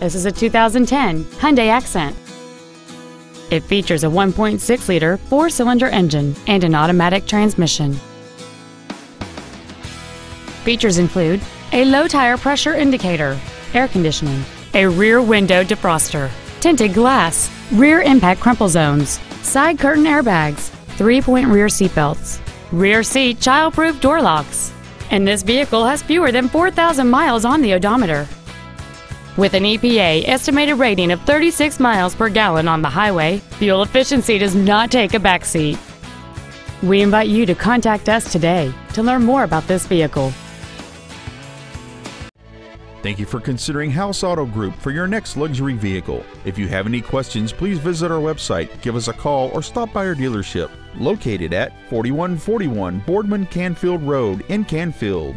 This is a 2010 Hyundai Accent. It features a 1.6-liter four-cylinder engine and an automatic transmission. Features include a low tire pressure indicator, air conditioning, a rear window defroster, tinted glass, rear impact crumple zones, side curtain airbags, three-point rear seatbelts, rear seat child-proof door locks, and this vehicle has fewer than 4,000 miles on the odometer. With an EPA estimated rating of 36 miles per gallon on the highway, fuel efficiency does not take a backseat. We invite you to contact us today to learn more about this vehicle. Thank you for considering House Auto Group for your next luxury vehicle. If you have any questions, please visit our website, give us a call, or stop by our dealership located at 4141 Boardman Canfield Road in Canfield.